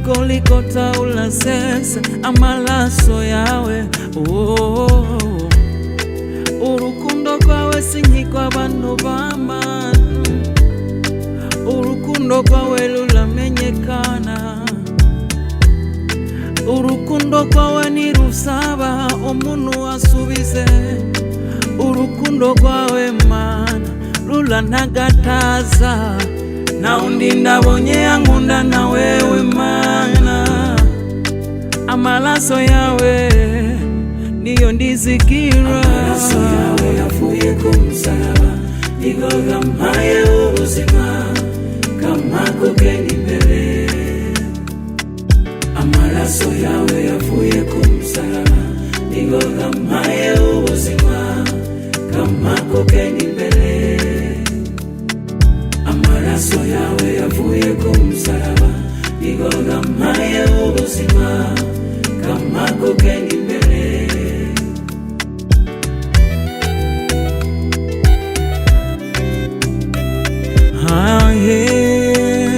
likolikotawula sensa amalaso yawe oh. urukundo rwawe sinyikwa bantu bamana urukundo rwawe luramenyekana urukundo rwawe nirusaba omunu asubize urukundo rwawe mana lulanagataza na ndabonye yangu maso yawe ndiyo ndizikira amaraso yawe yavuye ku musaraba niyo nkamaye ubuzima kamako kenda imbere amaraso yawe yavuye ku musaraba gama ya ubuzima kama kukeni mbele ah, yeah.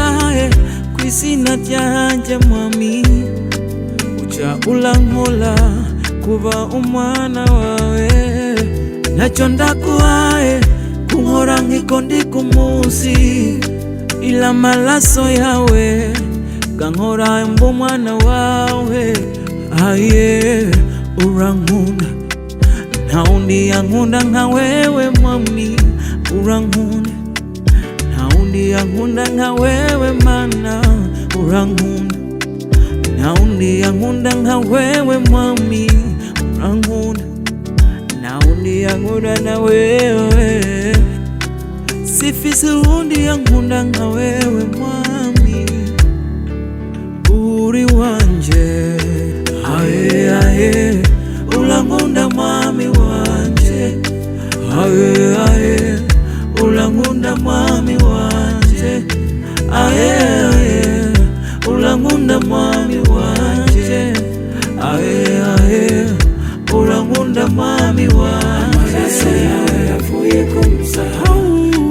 Ah, kwisina mwami ucha ulanhola kuva umwana wawe nacho ndakuae kunhora ngiko ndikumusi bila malaso yawe gang'ora mbo mwana wawe aye urankunda ntawundi yankunda nka wewe mami urankunda ntawundi yankunda nga wewe mana urankunda ntawundi yankunda nka wewe mami urankunda ntawundi yankunda na wewe hundi yangu ndanga wewe mwami uri wanje ae ae ulangunda mwami wanje ae ae ulangunda mwami wanje ae ae ulangunda mwami wanje ae ae ulangunda mwami wanje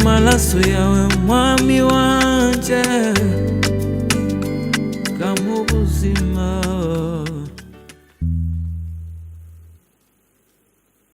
amaraso yawe mwami wanje kampa ubuzima